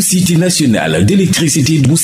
société nationale d'électricité bu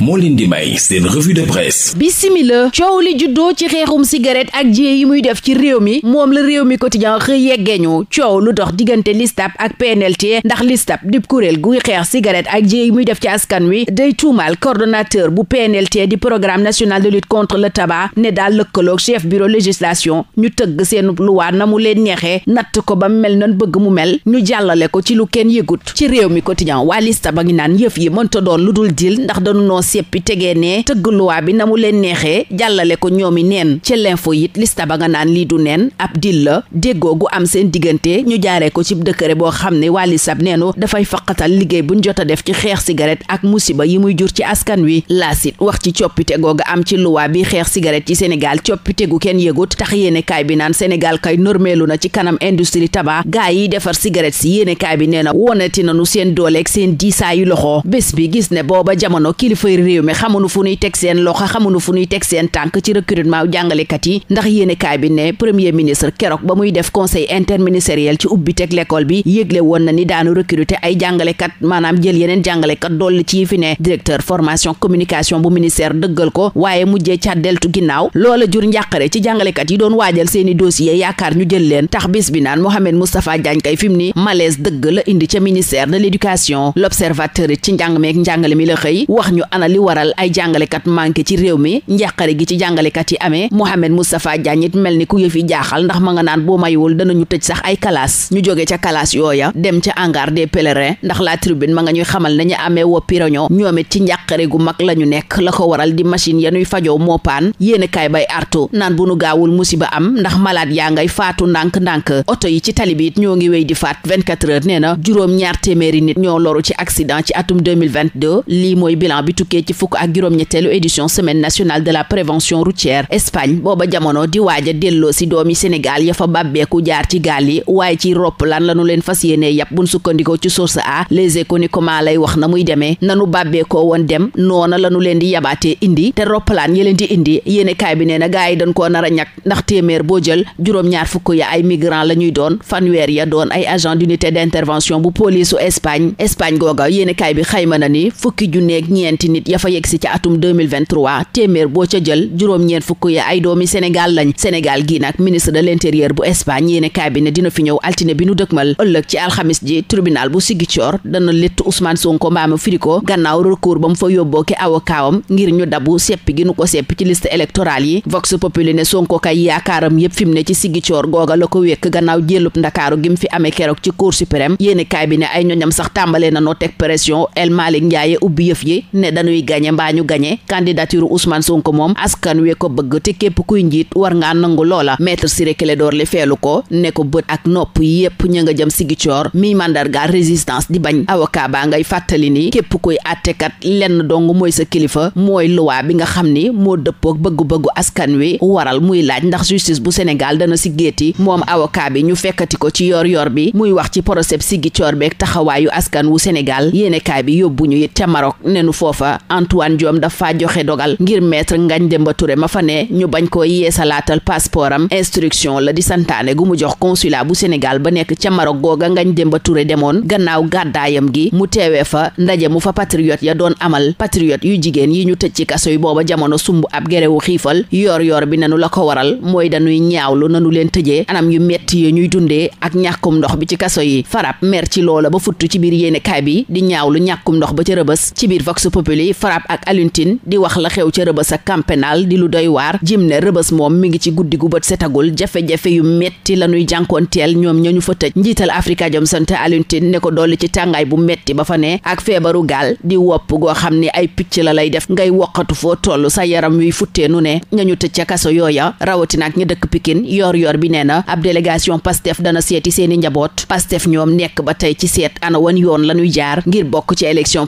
moo leen di may seen revue de presse bisimila coow li juddoo ci xeexum cigarette ak jiye yi muy def ci réew mi moom la réew mi quotidien xëy yeggeeñu coow lu dox diggante listap ak PNLT ndax listap dib kuréel guy xeex cigarette ak jiye yi muy def ci askan wi day tuumal coordonnateur bu PNLT di programme national de lutte contre le tabac ne daal lëkkaloog chef bureau législation ñu tëgg seen luwaa na mu leen ñeexee natt ko ba mel nan bëgg mu mel ñu jàllale ko ci lu kenn yëgut ci réew mi mi quotidien waa lista ba ngi naan yëf yi mënta doon lu dul dil ndax dañu noo seppi tegee ne tëgg luwaa bi na mu leen neexee jàllale ko ñoomi neen ci l'info it lista ba nga naan lii du neen ab dil la déggoo gu am seen diggante ñu jaaree ko ci dëkkëre boo xam ne waa listab neenu dafay faqatal liggéey buñ jot a def ci xeex cigarette ak musiba yi muy jur ci askan wi laasit wax ci coppite googa am ci luwaa bi xeex cigarette ci Sénégal coppite gu kenn yëgut tax yéene ci kanam industrie tabac gaa yi defar cigarette si yéene kaay bi nee na wonati nanu seen dooleeg seen diisaayu loxo bés bi gis ne booba jamono kilifay réew mi xamunu fu nuy teg seen loxo xamunu fu nuy teg seen tànk ci recrutement jàngalekat yi ndax yéenekaay bi ne premier ministre keroog ba muy def conseil interministériel ci ubbi teg l'école bi yëgle woon na ni daanu recruter ay jàngalekat maanaam jël yeneen jàngalekat dolli ci fi ne directeur formation communication bu ministère dëggal ko waaye mujjee càddeltu ginnaaw loola jur l'éducation l'observateur ci njàng meek njàngale mi wax ñu ana waral ay jàngalekat manqué ci réew mi njàqare gi ci jàngalekat yi amee Mohamed Moustapha Diagne it mel ni ku yëf yi jaaxal ndax ma nga naan boo maywul danañu tëj sax ay kalaas ñu jógee ca kalaas yooya dem ca hangar des pèlerins ndax la tribune ma nga ñuy xamal nañu amee woppi roño ñoom it ci njàqare gu mag la ñu nekk la ko waral di ya yanuy fajoo moo paan yéene kaay bay artu naan bu nu gaawul musiba am ndax malaat yaa ngay faatu ndànk téeméeri nit ñoo loru ci accident ci atum 2022 lii mooy bilan bi tukkee ci fukk ak juróom-ñetteelu édition semaine nationale de la prévention routière Espagne booba jamono di waaj a delloo si doomi Sénégal ya fa bàbbeeku jaar ci gaal yi waaye ci roppalaan lanu leen fas yéenee yàpp buñ sukkandikoo ci source a les économes lay wax na muy demee nanu bàbbeekoo woon dem noona lanu leen di yabaatee indi te roppalaan ya leen di indi yéene kaay bi nee na gaa yi dañ koo nar a ñàkk ndax téeméer boo jël juróom-ñaar fukk ay migrant la ñuy doon Espagne Espagne googa yéenekaay bi xayma na ni fukki junneeg ñeenti nit ya yegsi ci atum téeméer boo ca jël juróom-ñeent fukk ya ay doomi Sénégal lañ Sénégal gi nag ministre de l'intérieur bu Espagne yéenekaay bi ne dina fi ñëw altine bi nu dëkmal ëllëg ci alxamis ji tribunal bu Ziguinchor dana létt Ousmane Sonko mbaamu firiko gannaaw recours ba mu fa yóbboo ki ngir ñu dabu seppi gi nu ko seppi ci liste électorale yi Vox Populi ne Sonko kay yaakaaram la ko wékk gannaaw jélub Ndakaaru gim fi amee keroog ci Cour sax tàmbalee na noo teg pression El Malick Ndiaye ubbi yëf yi ne dañuy gañe mbaa ñu gañe candidature Ousmane Sonko moom askan wee ko bëgg te képp kuy njiit war ngaa nangu loola maître Ciré Clédor Ly feelu ko ne ko bët ak nopp yépp ñu nga jëm Sigicoor mii mandargaal résistance di bañ avocat baa ngay fàttali ni képp kuy àttekat lenn dong mooy sa kilifa mooy luwaa bi nga xam ni moo dëppook bëgg bëggu askan wi waral muy laaj ndax justice bu Sénégal dana si géeti moom avocat bi ñu fekkati ko ci yor yor bi muy wax ci procès Sigicoor taxawaayu askan wu Sénégal yéene kaay bi yóbbu ñu it ca Maroc nenu foofa Antoine Diome dafa joxe dogal ngir maître Ngagne Demba Touré ma fa ne ñu bañ ko yeesalaatal passeport am instruction la di santaane gu mu jox consulat bu Sénégal ba nekk ca Maroc googa ngañ Demba Touré demoon gannaaw gàddaayam gi mu teewee fa ndaje mu fa patriote ya doon amal patriote yu jigéen yi ñu tëj ci kaso yi booba jamono sumb ab gerewu xiifal yoor yoor bi nanu la ko waral mooy dañuy ñaawlu nanu leen ci biir yéenekaay bi di ñaaw lu ñàkkum ndox ba ca rëbës ci biir vox populi frapp ak aluntine di wax la xew ca rëbës ak camp di lu doy waar jim ne rëbës moom mi ngi ci guddi gu bët setagul jafe-jafe yu metti la ñuy jànkoonteel ñoom ña ñu fa tëj njiital africa jom sant aluntine ne ko dolli ci tàngaay bu metti ba fa ne ak feebaru gaal di wopp goo xam ni ay picc la lay def ngay woqatu foo toll sa yaram wiy futtee nu ne ñu tëj ca kaso yooya rawatina ak ñi dëkk pikin yor yor bi nee na ab délégation pastef dana seeti seeni njaboot pastef ñoom nekk ba tey ci wan yoon la ñuy jaar ngir bokk ci élection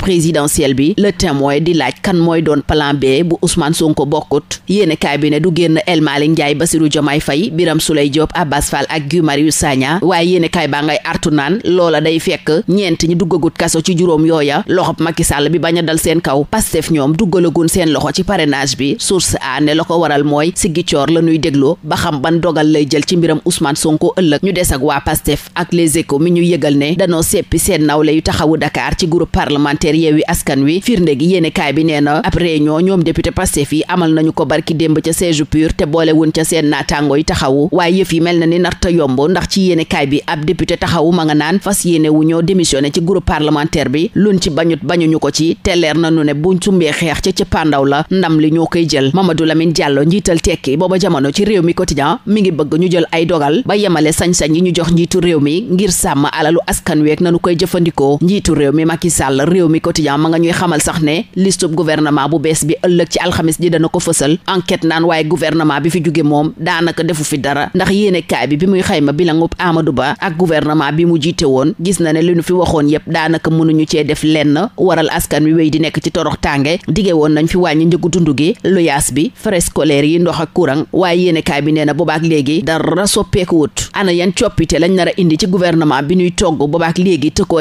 B bu Ousmane Sonko bokkut yéene du génn El Malick Ndiaye Bassirou Diomaye Faye Biram Souleye Diop Abbas Fall ak Guy Marius Sagna waaye kaay baa ngay artu naan loola day fekk ñeent ñi duggagut kaso ci juróom yooya loxob Macky Sall bi bañ a dal seen kaw Pastef ñoom duggalagun seen loxo ci parrainage bi source a ne la ko waral mooy siggi coor la ñuy dégloo ba xam ban dogal lay jël ci mbiram Ousmane Sonko ëllëg ñu des ak waa Pastef ak les mi ñu yëgal ne danoo seppi seen seen nawle yu taxawu Dakar ci groupe parlementaire Yewwi Askan Wi firnde gi yéene bi nee na ab réunion ñoom député Pastef fii amal nañu ko barki démb ca siège pur te boole wun ca seen naataango yi taxawu waaye yëf yi mel na ni narta yomb ndax ci yéene bi ab député taxawu ma nga naan fas yéenewu wu ñoo démissionné ci groupe parlementaire bi luñ ci bañut bañuñu ko ci telleer leer na nu ne buñ sumbee xeex ca ca pàndaw la ndam li ñoo koy jël Mamadou Lamine Diallo njiital tekki booba jamono ci réew mi quotidien mi ngi bëgg ñu jël ay dogal ba yemale sañ-sañ yi ñu jox njiitu réew mi ngir sàmm askan week nanu koy jëfandikoo njiitu réew mi Macky Sall réew mi quotidien ma nga ñuy xamal sax ne listub gouvernement bu bees bi ëllëg ci alxamis ji dana ko fësal enquête naan waaye gouvernement bi fi jóge moom daanaka defu fi dara ndax yéene kaay bi bi muy xayma bi la ngub Amadou Ba ak gouvernement bi mu jiite woon gis na ne li nu fi waxoon yépp daanaka mënuñu cee def lenn waral askan wi wey di nekk ci torox tànge dige woon nañ fi wàññi njëgu dund gi luyaas bi frais scolaire yi ndox ak courant waaye yéene bi nee na boobaak léegi dara soppeekuwut ana yan coppite lañ nar indi ci gouvernement bi ñuy togg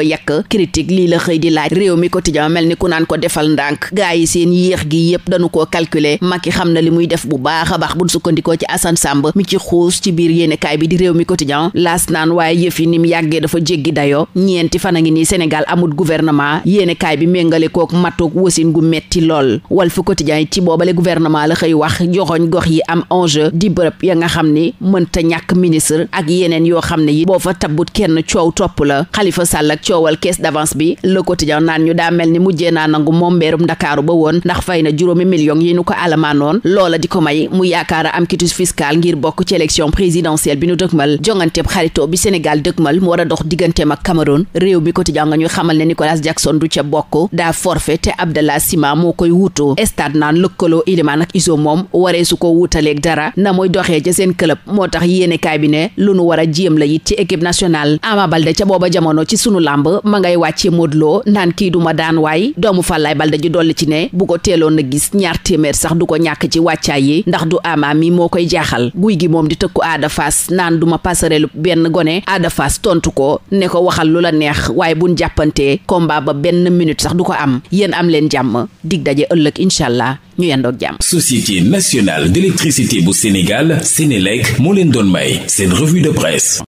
ko yàkk critique lii la xëy di laaj réew mi quotidien mel ni ku naan ko defal ndànk gaa yi seen yéex gi yépp dañu koo calculer Macky xam na li muy def bu baax a baax buñ sukkandikoo ci Assane Samb mi ci xuus ci biir yéenekaay bi di réew mi quotidien laas naan waaye yëf yi ni mu yàggee dafa jéggi dayoo ñeenti fan a ngi nii Sénégal amut gouvernement yéenekaay bi méngale kook matoog wasin gu metti lool Walf Quotidien yi ci boobale gouvernement la xëy wax joxoñ gox yi am enjeu ya nga xam ni mënta ñàkk ak yeneen yoo xam ne yi boo fa tabbut kenn coow topp coowal caisse d'avance bi le quotidien naan ñu daa mel ni mujjee naa nangu moom mbeerum ndakaaru ba woon ndax fay na juróomi million yi nu ko alamaanoon loola di ko may mu yaakaara am quitus fiscal ngir bokk ci élection présidentielle bi nu dëkmal jonganteeb xaritoo bi Sénégal dëkmal mu war a dox digganteem ak réew mi quotidien nga ñuy xamal ne Nicolas Jackson du ca bokk daa forfait te Abdallah Sima moo koy wuutu stade naan lëkkaloo ilimaan ak iso moom waree su ko wuutaleeg dara na muy doxee ca seen moo tax yéene kaay bi ne lu nu war a jéem la it ci équipe nationale làmb ma ngay wàccee Modou Lo naan kii duma daan waay doomu Falaye Baldé ji dolli ci ne bu ko teeloon na gis ñaar téeméer sax du ko ñàkk ci wàccaay yi ndax du ama mi moo koy jaaxal guy gi moom di tëkku Ada Fass naan duma passerelu benn gone Ada tontu ko ne ko waxal lu la neex waaye buñ jàppante combat ba benn minute sax du ko am yéen am leen jàmm dig daje ëllëg incha allah ñu yendoog jàmm Société nationale d'électricité bu Sénégal seen revue de presse